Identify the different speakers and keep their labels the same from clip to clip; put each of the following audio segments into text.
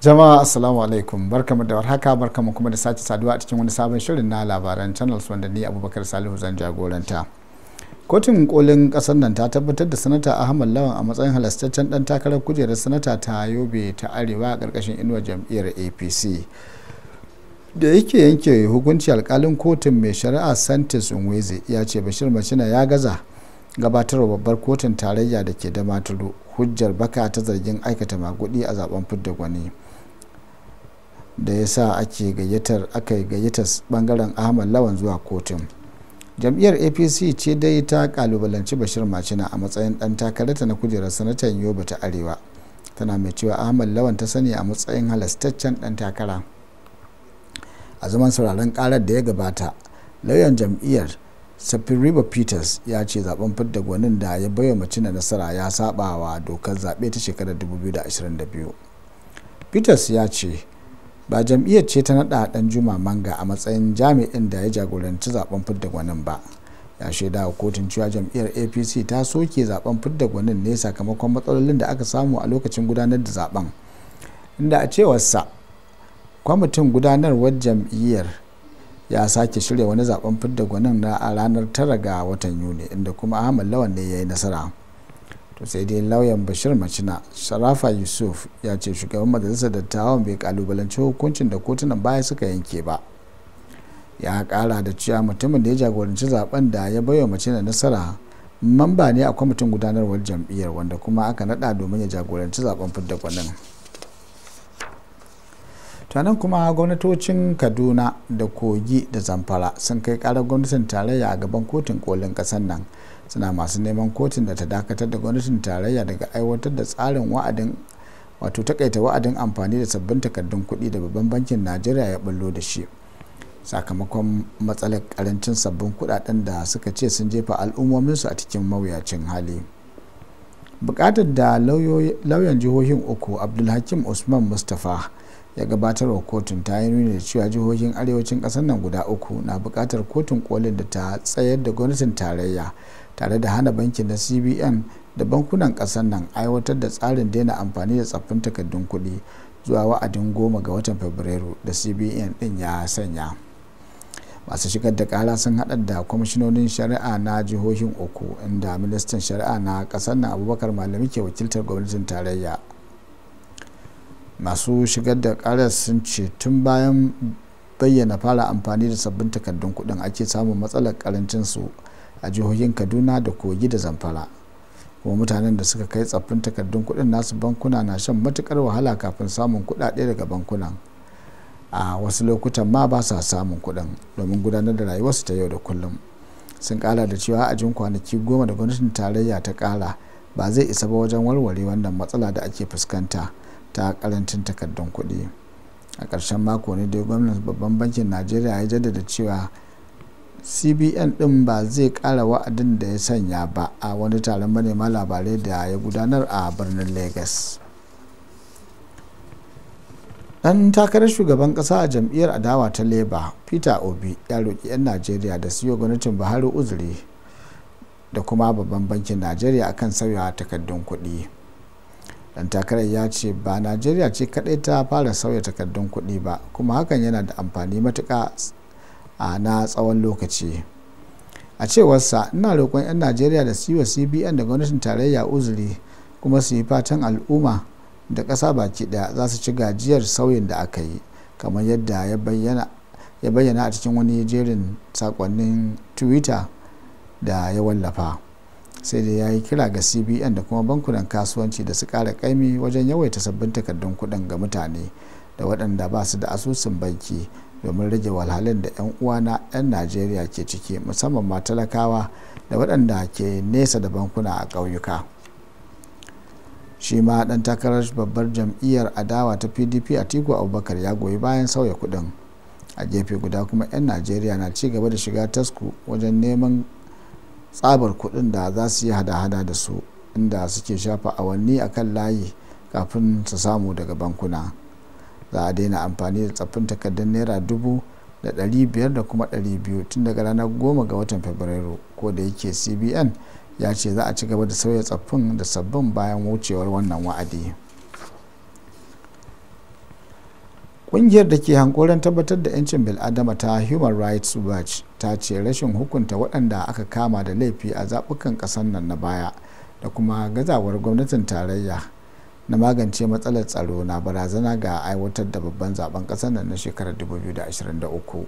Speaker 1: jama'a assalamu alaikum barkamu da warhaka barkamu kuma da sace saduwa a cikin wani sabon shirin na labaran channels wanda ni abubakar salihu zan jagoranta kotun kolin kasar nan ta tabbatar da sanata ahmad lawan a matsayin halastaccen dan takarar kujerar sanata ta yobe ta arewa a karkashin inuwar jam'iyyar apc da yake yanke hukunci alkalin kotun mai shari'a santis unweze ya ce bashir macina ya gaza gabatarwa babbar kotun tarayya da ke da matulu hujjar baka ta zargin aikata magudi a zaben fidda gwani. da ya sa ake gayyatar aka gayyatar bangaren ahmad lawan zuwa kotun jam'iyyar apc ce dai ta kalubalanci bashir macina a matsayin dan takararta na kujerar sanatan yoba ta arewa tana mai cewa ahmad lawan ta sani a matsayin halastaccen dan takara a zaman sauraron karar da ya gabata lauyan jam'iyyar river peters ya ce zaben fidda gwanin da ya baiwa macina nasara ya saba wa dokar zaɓe ta shekarar 2022 peters ya ce ba jam'iyyar ce ta naɗa ɗan juma manga a matsayin jami'in da ya jagoranci zaben fidda gwanin ba ya shaida wa kotun cewa jam'iyyar apc ta soke zaben fidda gwanin ne sakamakon matsalolin da aka samu a lokacin gudanar da zaben inda a cewarsa kwamitin gudanarwar jam'iyyar ya sake shirya wani zaben fidda gwanin na a ranar tara ga watan yuni inda kuma ahmad lawan ne ya yi nasara to sai dai lauyan bashir macina sharafa yusuf ya ce shugaban majalisar dattawan bai kalubalanci hukuncin da kotunan baya suka yanke ba ya kara da cewa mutumin da ya jagoranci zaben da ya baiwa macina nasara mamba ne a kwamitin gudanarwar jam'iyyar wanda kuma aka nada domin ya jagoranci zaben fidda kwanan tunanin kuma gwamnatocin kaduna da kogi da zamfara sun kai karar gwamnatin tarayya a gaban kotun kolin kasar nan suna masu neman kotun da ta dakatar da gwamnatin tarayya daga aiwatar da tsarin wa'adin wato takaita wa'adin amfani da sabbin takardun kuɗi da babban bankin najeriya ya bullo da shi sakamakon matsalar karancin sabbin kuɗaɗen da suka ce sun jefa al'ummominsu a cikin mawuyacin hali buƙatar da lauyan jihohin uku abdulhakim usman mustapha ya gabatar wa kotun ta yi nuni da cewa jihohin arewacin ƙasar nan guda uku na buƙatar kotun kolin da ta tsayar da gwamnatin tarayya tare da hana bankin na cbn da bankunan ƙasar nan aiwatar da tsarin daina amfani da tsaffin takardun kuɗi zuwa wa'adin goma ga watan fabrairu da cbn din ya sanya masu shigar da kara sun haɗa da kwamishinonin shari'a na jihohin uku inda ministan shari'a na ƙasar nan abubakar malami ke wakiltar gwamnatin tarayya masu shigar da kara sun ce tun bayan bayyana fara amfani da sabbin takardun kuɗin ake samun matsalar karancin su a jihohin kaduna da kogi da zamfara kuma mutanen da suka kai tsaffin takardun kudin nasu bankuna na shan matukar wahala kafin samun kudade daga bankunan a wasu lokutan ma ba sa samun kudin domin gudanar da rayuwarsu ta yau da kullum sun kara da cewa a jin kwanaki goma da gwamnatin tarayya ta kara ba zai isa ba wajen warware wannan matsala da ake fuskanta ta karancin takardun kudi a ƙarshen mako ne dai gwamnan babban bankin najeriya ya jaddada cewa cbn ɗin ba zai ƙara wa'adin da ya sanya ba a wani taron manema labarai da ya gudanar a birnin lagos dan takarar shugaban ƙasa a jam'iyyar adawa ta labour peter obi ya roƙi 'yan najeriya da siyo gwamnatin buhari uzuri da kuma babban bankin najeriya kan sauya takardun kuɗi dan takarar ya ce ba najeriya ce kaɗai ta fara sauya takardun kuɗi ba kuma hakan yana da amfani matuka. a na tsawon lokaci a cewarsa ina roƙon 'yan najeriya da su yi wa cbn da gwamnatin tarayya uzuri kuma su yi fatan al'umma da ƙasa baki ɗaya za su ci gajiyar sauyin da aka yi kamar yadda ya bayyana a cikin wani jerin saƙonnin twitter da ya wallafa sai da ya yi kira ga cbn da kuma bankunan kasuwanci da su ƙara ƙaimi wajen yawaita sabbin takardun kuɗin ga mutane da waɗanda ba su da asusun banki domin rage walhalin da 'yan uwana 'yan najeriya ke ciki musamman ma talakawa da waɗanda ke nesa da bankuna a ƙauyuka shi ma ɗan takarar babbar jam'iyyar adawa ta pdp a tiku abubakar ya goyi bayan sauya kuɗin a gefe guda kuma 'yan najeriya na ci gaba da shiga tasku wajen neman tsabar kuɗin da za su yi hada-hada da su inda suke shafa awanni akan layi kafin su samu daga bankuna. za a daina amfani da tsaffin takardar naira dubu da ɗari biyar da kuma ɗari biyu tun daga ranar goma ga watan fabrairu ko da yake cbn ya ce za a ci gaba da sauya tsaffin da sabbin bayan wucewar wannan wa'adi ƙungiyar da ke hankoron tabbatar da 'yancin bil'adama ta human rights watch ta ce rashin hukunta waɗanda aka kama da laifi a zaɓukan ƙasar nan na baya da kuma gazawar gwamnatin tarayya na magance matsalar tsaro na barazana ga aiwatar da babban zaben kasar nan na shekarar 2023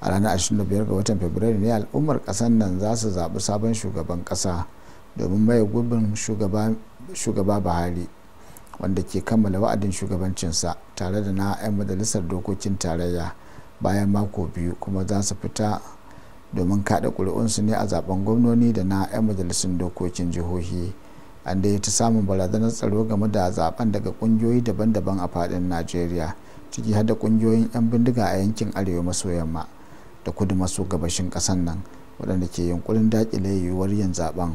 Speaker 1: a ranar 25 ga watan fabrairu ne al'ummar kasar nan za su zaɓi sabon shugaban ƙasa domin maye gurbin shugaba buhari wanda ke kammala wa'adin shugabancinsa tare da na 'yan majalisar dokokin tarayya bayan mako biyu kuma za su fita domin kaɗa ƙuri'unsu ne a zaben gwamnoni da na 'yan majalisun dokokin jihohi an da ta samun barazanar tsaro game da zaben daga kungiyoyi daban-daban a fadin najeriya ciki har da kungiyoyin 'yan bindiga a yankin arewa maso yamma da kudu maso gabashin kasan nan waɗanda ke yunkurin dakile yiwuwar yin zaben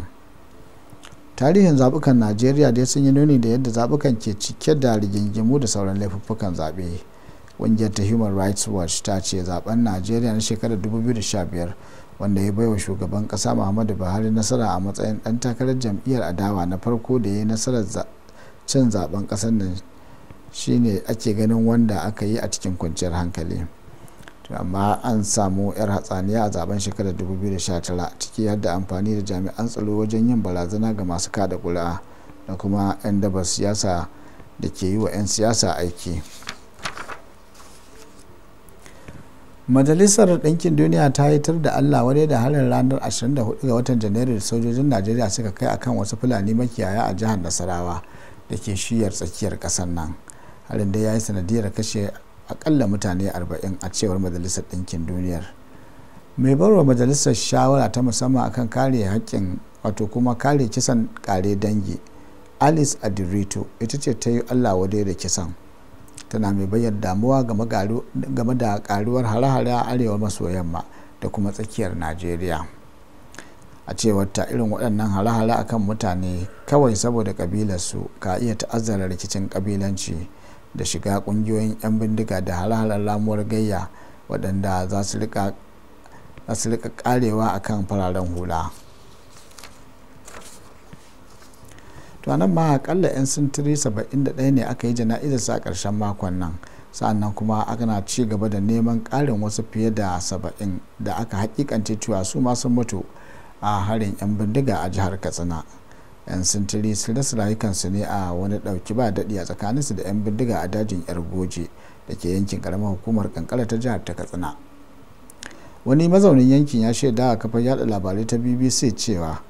Speaker 1: tarihin zabukan najeriya dai sun yi nuni da yadda zabukan ke cike da rigingimu da sauran laifuffukan zaɓe ƙungiyar ta human rights watch ta ce zaben najeriya na shekarar 2015 wanda ya baiwa shugaban kasa muhammadu buhari nasara a matsayin dan takarar jam'iyyar adawa na farko da ya yi nasarar cin zaben kasar nan shine ake ganin wanda aka yi a cikin kwanciyar hankali amma an samu yar hatsaniya a zaben shekarar 2019 ciki har da amfani da jami'an tsaro wajen yin barazana ga masu kada kula da kuma 'yan dabar siyasa da ke yi wa 'yan siyasa aiki majalisar ɗinkin duniya ta yi yitar da allah wadai da harin ranar 24 ga watan janairu da sojojin najeriya suka kai akan wasu fulani makiyaya a jihar nasarawa da ke shiyar tsakiyar ƙasar nan harin da ya yi sanadiyar kashe akalla mutane 40 a cewar majalisar ɗinkin duniyar mai barwa majalisar shawara ta musamman akan kare haƙƙin wato kuma kare kisan kare dangi alice adirito ita ce ta yi allah wadai da kisan tana mai bayar damuwa game da karuwar hare-hare a arewa maso yamma da kuma tsakiyar najeriya a cewar ta irin waɗannan hare-hare akan mutane kawai saboda kabilarsu ka iya ta'azzara rikicin kabilanci da shiga ƙungiyoyin 'yan bindiga da hare-haren lamuwar gayya waɗanda za su rika karewa akan fararen hula. to nan ma akalla 'yan sintiri 71 ne aka yi jana'izarsa a ƙarshen makon nan sa'annan kuma ana ci gaba da neman ƙarin wasu fiye da 70 da aka hakikance cewa su masu sun mutu a harin 'yan bindiga a jihar katsina 'yan sintiri sun rasa rayukansu ne a wani ɗauki ba daɗi a tsakaninsu da 'yan bindiga a dajin yar goje da ke yankin ƙaramar hukumar kankara ta jihar ta katsina wani mazaunin yankin ya shaida a kafar yada labarai ta bbc cewa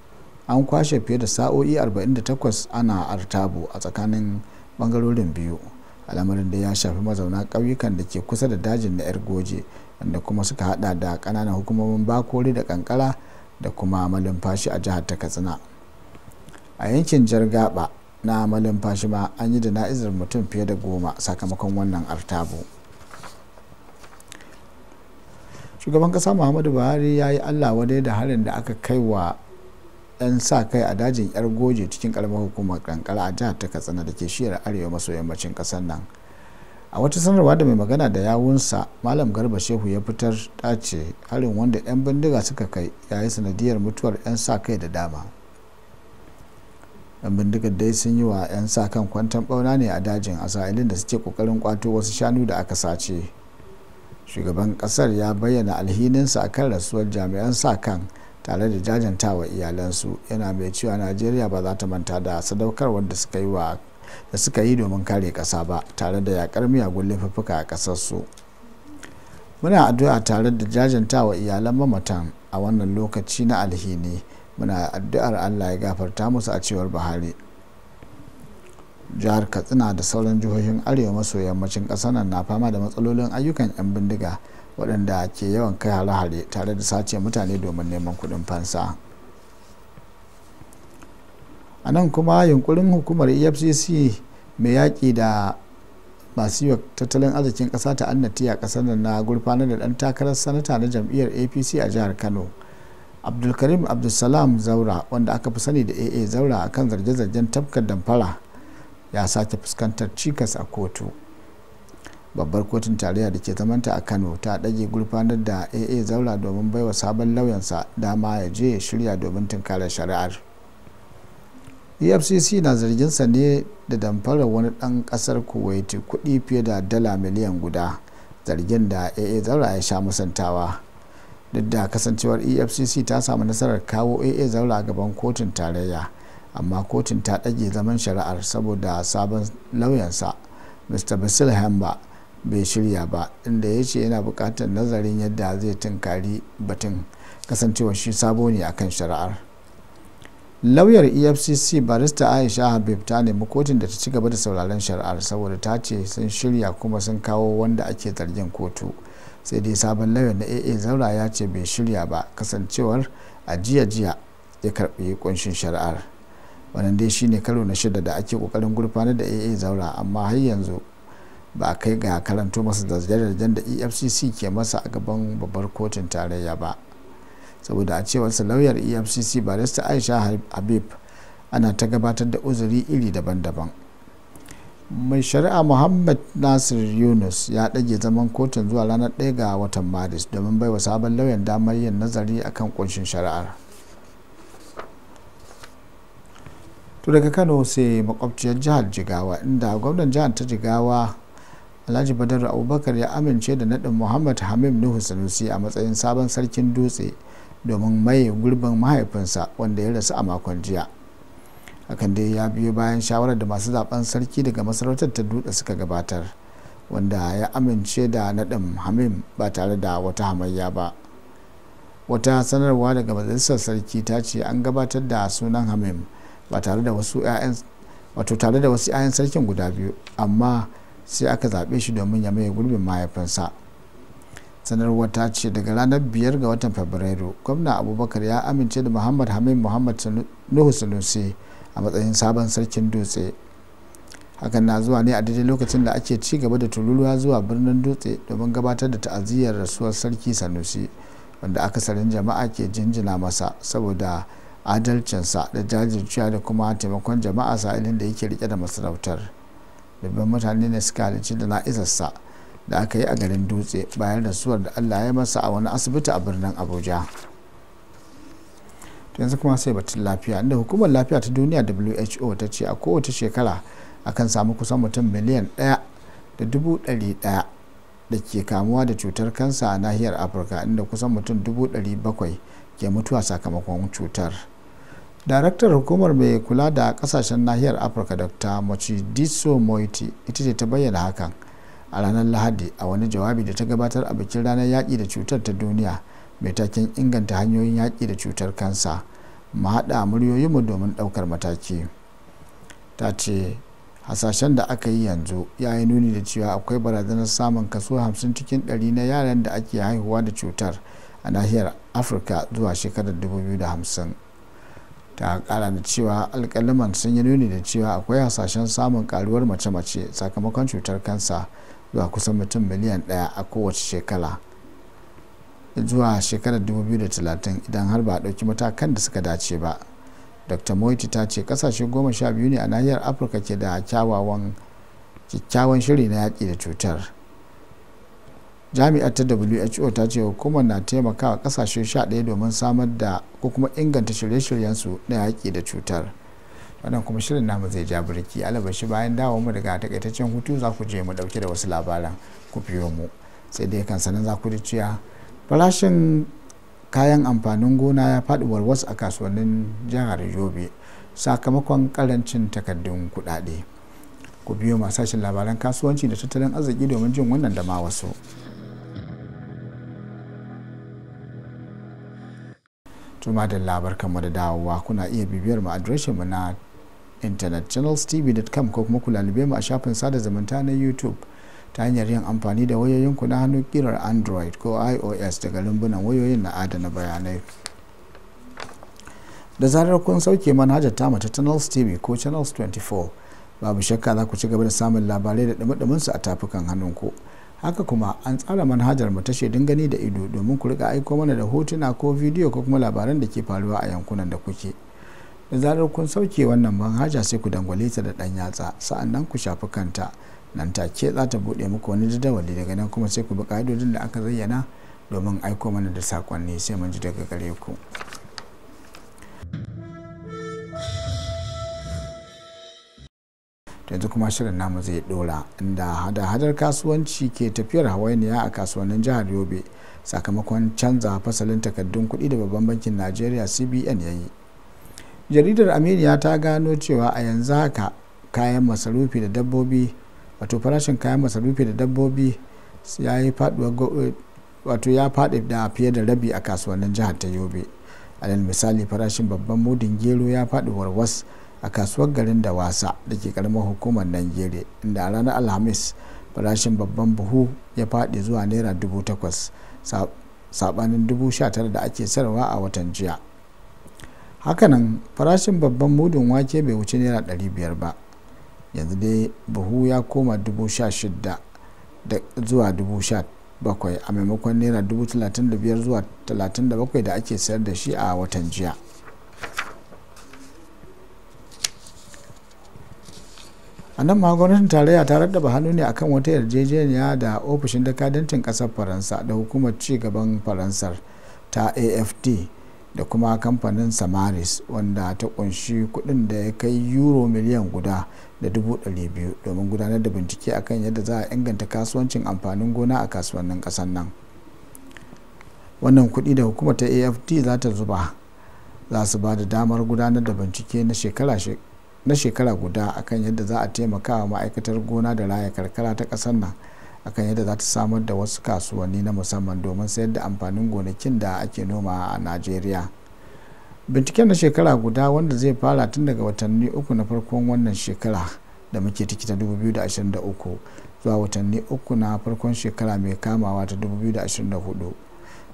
Speaker 1: an kwashe fiye da sa'o'i 48 ana artabu a tsakanin bangarorin biyu al'amarin da ya shafi mazauna ƙauyukan da ke kusa da dajin na ergoje wanda kuma suka hada da ƙananan hukumomin bakori da kankara da kuma malumfashi a jihar ta katsina a yankin jargaba na malumfashi ma an yi da na'izar mutum fiye da goma sakamakon wannan artabu shugaban kasa muhammadu buhari ya yi allah wadai da harin da aka kai wa 'yan sa kai a dajin yar goje cikin karamar hukumar kankara a jihar ta katsina da ke shiyar arewa maso yammacin kasar nan a wata sanarwa da mai magana da yawunsa malam garba shehu ya fitar ta harin wanda 'yan bindiga suka kai ya yi sanadiyar mutuwar 'yan sa kai da dama yan bindigar dai sun yi wa 'yan sa kan kwantan bauna ne a dajin a sa'ilin da suke kokarin kwato wasu shanu da aka sace shugaban kasar ya bayyana alhininsa kan rasuwar jami'an sa kan tare da jajantawa iyalansu yana mai cewa najeriya ba za ta manta da sadaukarwar da suka yi da suka yi domin kare kasa ba tare da yakar miyagun laifuffuka a ƙasarsu muna addu'a tare da jajantawa iyalan mamatan a wannan lokaci na alhini muna addu'ar allah ya gafarta musu a cewar buhari jihar katsina da sauran jihohin arewa maso yammacin ƙasar nan na fama da matsalolin ayyukan 'yan bindiga waɗanda ke yawan kai hare-hare tare da sace mutane domin neman kuɗin fansa a nan kuma yunkurin hukumar efcc mai yaƙi da masu yi tattalin arzikin ƙasa ta annati a ƙasar nan na gurfanar da ɗan takarar sanata na jam'iyyar apc a jihar kano abdulkarim abdulsalam zaura wanda aka fi sani da aa zaura akan zarge-zargen tafkar damfara ya sake fuskantar cikas a kotu babbar kotun tarayya da ke zamanta a kano ta ɗage gurfanar da aa zaura domin baiwa sabon lauyansa dama ya je ya shirya domin tunkara shari'ar efcc na zarginsa ne da damfara wani ɗan ƙasar kuwaiti kuɗi fiye da dala miliyan guda zargin da aa zaura ya sha musantawa duk da kasancewar efcc ta samu nasarar kawo aa zaura a gaban kotun tarayya amma kotun ta ɗage zaman shari'ar saboda sabon lauyansa mr basil hamba bai shirya ba inda ya ce yana bukatar nazarin yadda zai tunkari batun kasancewa shi sabo ne a kan shari'ar lauyar efcc barista aisha habib ta nemi kotun da ta ci gaba da sauraron shari'ar saboda ta ce sun shirya kuma sun kawo wanda ake zargin kotu sai dai sabon lauyar na aa zaura ya ce bai shirya ba kasancewar a jiya jiya ya karbi kunshin shari'ar wannan dai shine karo na shida da ake kokarin gurfanar da aa zaura amma har yanzu ba a kai ga karanto masa da zargen da efcc ke masa a gaban babbar kotun tarayya ba saboda a cewarsa lauyar efcc barista aisha habib ana ta gabatar da uzuri iri daban-daban mai shari'a muhammad nasir yunus ya ɗage zaman kotun zuwa ranar 1 ga watan maris domin bai wa sabon lauyan damar yin nazari akan kunshin shari'ar to daga kano sai makwabciyar jihar jigawa inda gwamnan jihar ta jigawa alhaji badar abubakar ya amince da naɗin muhammad hamim nuhu sanusi a matsayin sabon sarkin dutse domin maye gurbin mahaifinsa wanda ya rasu a makon jiya hakan dai ya biyo bayan shawarar da masu zaben sarki daga masarautar ta dutse suka gabatar wanda ya amince da naɗin hamim ba tare da wata hamayya ba wata sanarwa daga majalisar sarki ta ce an gabatar da sunan hamim ba tare da wasu 'ya'yan sarkin guda biyu amma sai aka zaɓe shi domin ya maye gurbin mahaifinsa sanarwar ta ce daga ranar biyar ga watan fabrairu gwamna abubakar ya amince da muhammad hamid muhammad nuhu sanusi a matsayin sabon sarkin dutse hakan na zuwa ne a daidai lokacin da ake ci gaba da tururuwa zuwa birnin dutse domin gabatar da ta'aziyyar rasuwar sarki sanusi wanda akasarin jama'a ke jinjina masa saboda adalcinsa da jajircewa da kuma taimakon jama'a sa'ilin da yake rike da masarautar dabban mutane ne suka halarci da na'izarsa da aka yi a garin dutse bayan rasuwar da allah ya masa a wani asibiti a birnin abuja yanzu kuma sai batun lafiya inda hukumar lafiya ta duniya who ta ce a kowace shekara akan samu kusan mutum miliyan ɗaya da dubu ɗaya da ke kamuwa da cutar kansa a nahiyar afirka inda kusan mutum dubu bakwai ke mutuwa sakamakon cutar daraktar hukumar mai kula da kasashen nahiyar afirka dr machidiso moiti ita ce ta bayyana hakan a ranar lahadi a wani jawabi da ta gabatar a bikin ranar yaƙi da cutar ta duniya mai taken inganta hanyoyin yaƙi da cutar kansa mu haɗa muryoyinmu domin ɗaukar mataki ta ce hasashen da aka yi yanzu ya yi nuni da cewa akwai barazanar samun kaso 50 cikin ɗari na yaran da ake haihuwa da cutar a nahiyar afirka zuwa shekarar 2050 ta kara da cewa alkaliman sun yi nuni da cewa akwai hasashen samun karuwar mace-mace sakamakon cutar kansa zuwa kusan mutum miliyan daya a kowace shekara zuwa shekarar 2030 idan har ba a ɗauki matakan da suka dace ba dr moiti ta ce kasashe goma sha biyu ne a nahiyar afirka ke da kyawawan shiri na yaƙi da cutar jami'ar ta who ta ce hukumar na taimakawa kasashe 11 domin samar da ko kuma inganta shirye-shiryensu na yaƙi da cutar wannan kuma shirin namu zai ja birki alabashi bayan dawo mu daga takaitaccen hutu za ku je mu dauke da wasu labaran ku biyo mu sai dai kan sanin za ku ji cewa farashin kayan amfanin gona ya faɗi warwas a kasuwannin jihar yobe sakamakon karancin takardun kuɗaɗe ku biyo ma sashen labaran kasuwanci da tattalin arziki domin jin wannan da ma wasu tuma da labar kama da dawowa kuna iya bibiyar mu adireshin mu na intanet channelstv.com ko kuma ku lalube mu a shafin sada zumunta na youtube ta hanyar yin amfani da wayoyinku na hannu kirar android ko ios daga lumbunan wayoyin na adana bayanai da zarar kun sauke manhajar tamu ta channels tv ko channels 24 babu shakka za ku ci gaba da samun labarai da dumi su a tafukan hannunku haka kuma an tsara manhajar mu ta din gani da ido domin ku rika aiko mana da hotuna ko bidiyo ko kuma labaran da ke faruwa a yankunan da kuke da zarar kun sauke wannan manhaja sai ku dangwale ta da dan yatsa sa'annan ku shafi kanta nan take za ta buɗe muku wani jadawali daga nan kuma sai ku bi ka'idodin da aka zayyana domin aiko mana da sakonni sai mun ji daga gare ku yanzu kuma shirin namu zai dora inda hada-hadar kasuwanci ke tafiyar hawainiya a kasuwannin jihar yobe sakamakon canza fasalin takardun kuɗi da babban bankin najeriya cbn ya yi jaridar aminiya ta gano cewa a yanzu haka kayan masarufi da dabbobi wato farashin kayan masarufi da dabbobi wato ya faɗi da fiye da rabi a kasuwannin jihar ta yobe alal misali farashin babban mudin gero ya faɗi warwas a kasuwar garin da wasa da ke karamar hukumar nigeria inda a ranar alhamis farashin babban buhu ya faɗi zuwa naira dubu takwas sabanin dubu sha tara da ake sarwa a watan jiya hakanan farashin babban mudun wake bai wuce naira ɗari biyar ba yanzu dai buhu ya koma dubu sha shida zuwa dubu sha bakwai a maimakon naira dubu talatin da biyar zuwa talatin da da ake sayar da shi a watan jiya a nan ma gwamnatin tarayya ta raddaba hannu ne akan wata yarjejeniya da ofishin dakadancin kasar faransa da hukumar ci gaban faransar ta afd da kuma kamfanin samaris wanda ta kunshi kudin da ya kai euro miliyan guda da dubu biyu domin gudanar da bincike akan yadda za a inganta kasuwancin amfanin gona a kasuwannin kasar nan wannan kudi da hukumar ta afd za ta zuba za su ba da damar gudanar da bincike na shekara na shekara guda akan yadda za a taimaka wa ma'aikatar gona da raya karkara ta ƙasar nan akan yadda za ta samar da wasu kasuwanni na musamman domin sayar da amfanin gonakin da ake noma a najeriya binciken na shekara guda wanda zai fara tun daga watanni uku na farkon wannan shekara da muke ciki ta 2023 zuwa watanni uku na farkon shekara mai kamawa ta 2024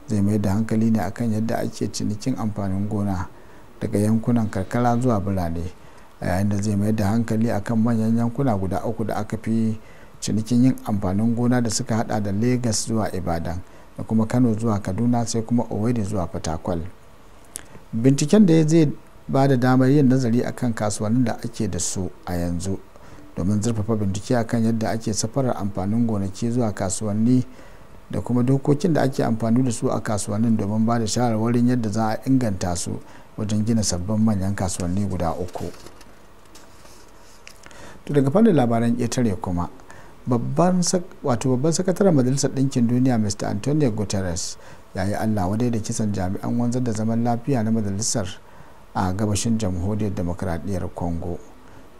Speaker 1: zai mai da hankali ne akan yadda ake cinikin amfanin gona daga yankunan karkara zuwa birane a yayin da zai mayar da hankali akan manyan yankuna guda uku da aka fi cinikin yin amfanin gona da suka hada da lagos zuwa ibadan da kuma kano zuwa kaduna sai kuma owerri zuwa fatakwal binciken da zai ba da damar yin nazari akan kasuwannin da ake da su a yanzu domin zurfafa bincike akan yadda ake safarar amfanin gonaki zuwa kasuwanni da kuma dokokin da ake amfani da su a kasuwannin domin ba da shawarwarin yadda za a inganta su wajen gina sabbin manyan kasuwanni guda uku. to daga fannin labaran ƙetare kuma babban sakataren majalisar ɗinkin duniya mr antonio guterres ya yi allah wadai da kisan jami'an wanzar da zaman lafiya na majalisar a gabashin jamhuriyar demokradiyyar congo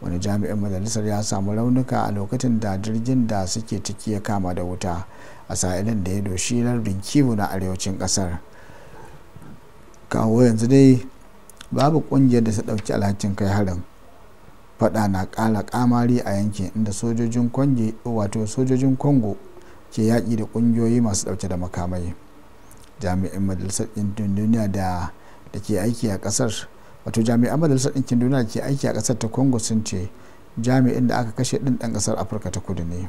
Speaker 1: wani jami'in majalisar ya samu raunuka a lokacin da jirgin da suke ciki ya kama da wuta a sa'ilin da ya doshi lardin kiwo na arewacin kasar kawo yanzu dai babu kungiyar da ta dauki alhakin kai harin fada na kala kamari a yankin inda sojojin kwange wato sojojin congo ke yaƙi da ƙungiyoyi masu ɗauke da makamai jami'in majalisar ɗinkin duniya da ke aiki a ƙasar wato jami'an majalisar ɗinkin duniya ke aiki a ƙasar ta congo sun ce jami'in da aka kashe ɗin ɗan ƙasar afirka ta kudu ne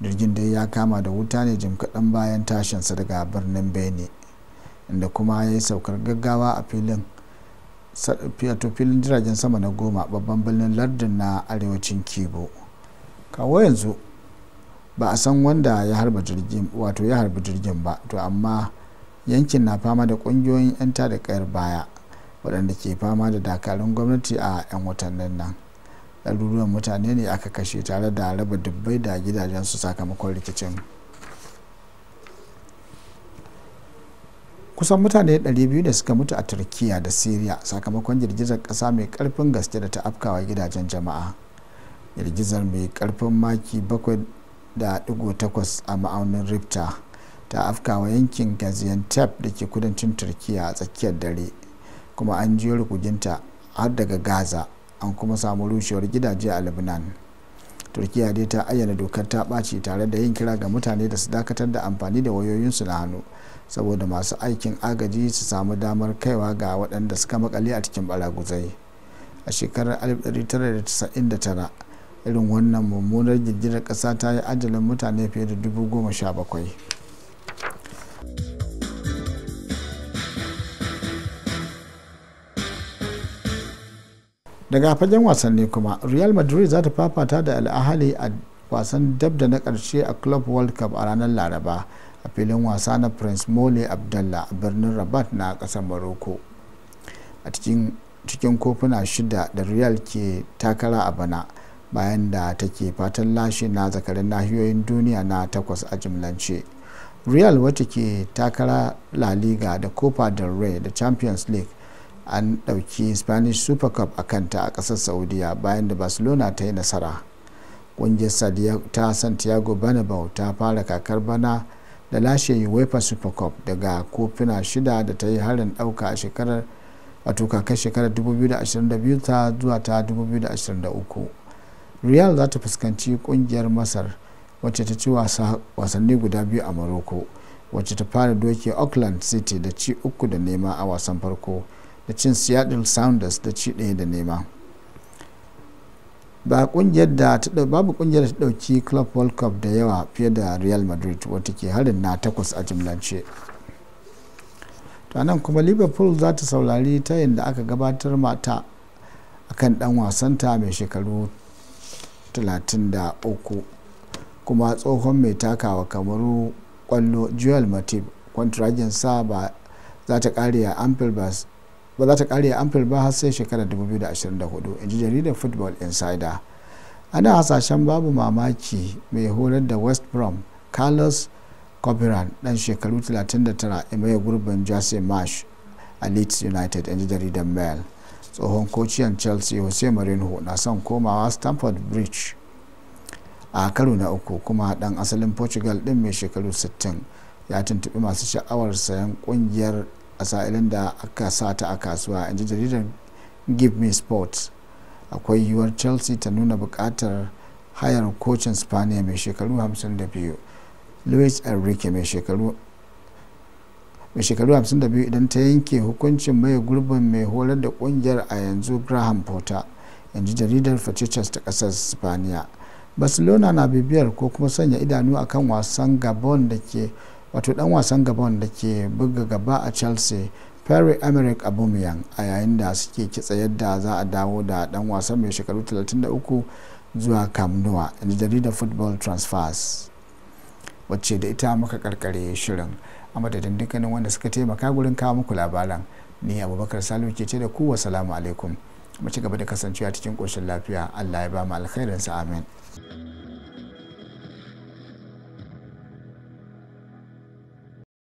Speaker 1: jirgin dai ya kama da wuta ne jim kaɗan bayan tashinsa daga birnin benin inda kuma ya yi saukar gaggawa a filin filin jiragen sama na goma babban birnin lardin na arewacin kibo kawo yanzu ba a san wanda ya harba jirgin wato ya harbi jirgin ba to amma yankin na fama da kungiyoyin 'yan da kayar baya waɗanda ke fama da dakarun gwamnati a 'yan watannin nan ɗaruruwan mutane ne aka kashe tare da raba dubbai da gidajensu sakamakon rikicin kusan mutane 200 da suka mutu a turkiya da syria sakamakon girgizar kasa mai karfin gaske da ta afkawa gidajen jama'a girgizar mai karfin maki 7.8 a ma'aunin rifta ta afkawa yankin gaziantep da ke kudancin turkiya a tsakiyar dare kuma an jiyo rukuginta har daga gaza an kuma samu rushewar gidaje a lebanon turkiya dai ta ayyana dokar ta ɓaci tare da yin kira ga mutane da su dakatar da amfani da wayoyinsu na hannu saboda masu aikin agaji su samu damar kaiwa ga waɗanda suka makale a cikin balaguzai a shekarar 1999 irin wannan mummunar girgizar ƙasa ta yi ajalin mutane fiye da 17,000 daga fagen wasanni kuma real madrid za ta fafata da al'ahali a wasan dab da na karshe a club world cup a ranar laraba a filin wasa na prince mole abdallah a birnin rabat na kasar morocco a cikin kofuna shida da real ke takara a bana bayan da take fatan lashe na zakarin nahiyoyin duniya na takwas a jimlance real wacce ke takara la liga da copa del rey da champions league an ɗauki spanish super cup a kanta a ƙasar saudiya bayan da barcelona ta yi nasara ƙungiyar ta santiago banabau ta fara kakar bana da lashe uefa super cup daga kofina shida da ta yi harin ɗauka a shekarar wato kakar shekarar 2022 ta zuwa ta 2023 real za ta fuskanci kungiyar masar wacce ta ci wasanni guda biyu a morocco wacce ta fara doke auckland city da ci uku da nema a wasan farko da cin seattle sounders da ci ɗaya da nema ba kungiyar da ta babu kungiyar ta dauki club world cup da yawa fiye da real madrid wata ke harin na takwas a jimlance nan kuma liverpool za ta saurari ta da aka gabatar mata a kan dan wasanta mai shekaru 33 kuma tsohon mai takawa kamar kwallo joel matip kwantirajin sa ba za ta kare a anfield ba za ta kare a anfield ba har sai shekarar 2024 in ji jaridar football insider ana hasashen babu mamaki mai horar da west brom carlos coperan dan shekaru 39 mai gurbin jose marsh a leeds united in ji jaridar mail tsohon kociyan chelsea jose mourinho na son komawa stamford bridge a karo na uku kuma dan asalin portugal din mai shekaru 60 ya tuntuɓi masu sha'awar sayan ƙungiyar. a sa'ilin da aka sa ta a kasuwa in ji jaridar give me sports akwai yiwuwar chelsea ta nuna bukatar hayar kocin spaniya mai shekaru 52 louis enrique mai shekaru 52 idan ta yanke hukuncin mai gurbin mai horar da kungiyar a yanzu graham potter in ji jaridar fachichas ta kasar spaniya barcelona na bibiyar ko kuma sanya idanu akan wasan gabon da ke wato dan wasan gaban da ke buga gaba a chelsea perry emerick aubameyang a yayin da suke kitsa yadda za a dawo da dan wasan mai shekaru 33 zuwa kamnuwa da jaridar football transfers wacce da ita muka karkare shirin a madadin dukkanin wanda suka taimaka gurin kawo muku labaran ni abubakar salu ke ce da ku salamu alaikum mu ci gaba da kasancewa cikin koshin lafiya allah ya ba mu alkhairinsa amin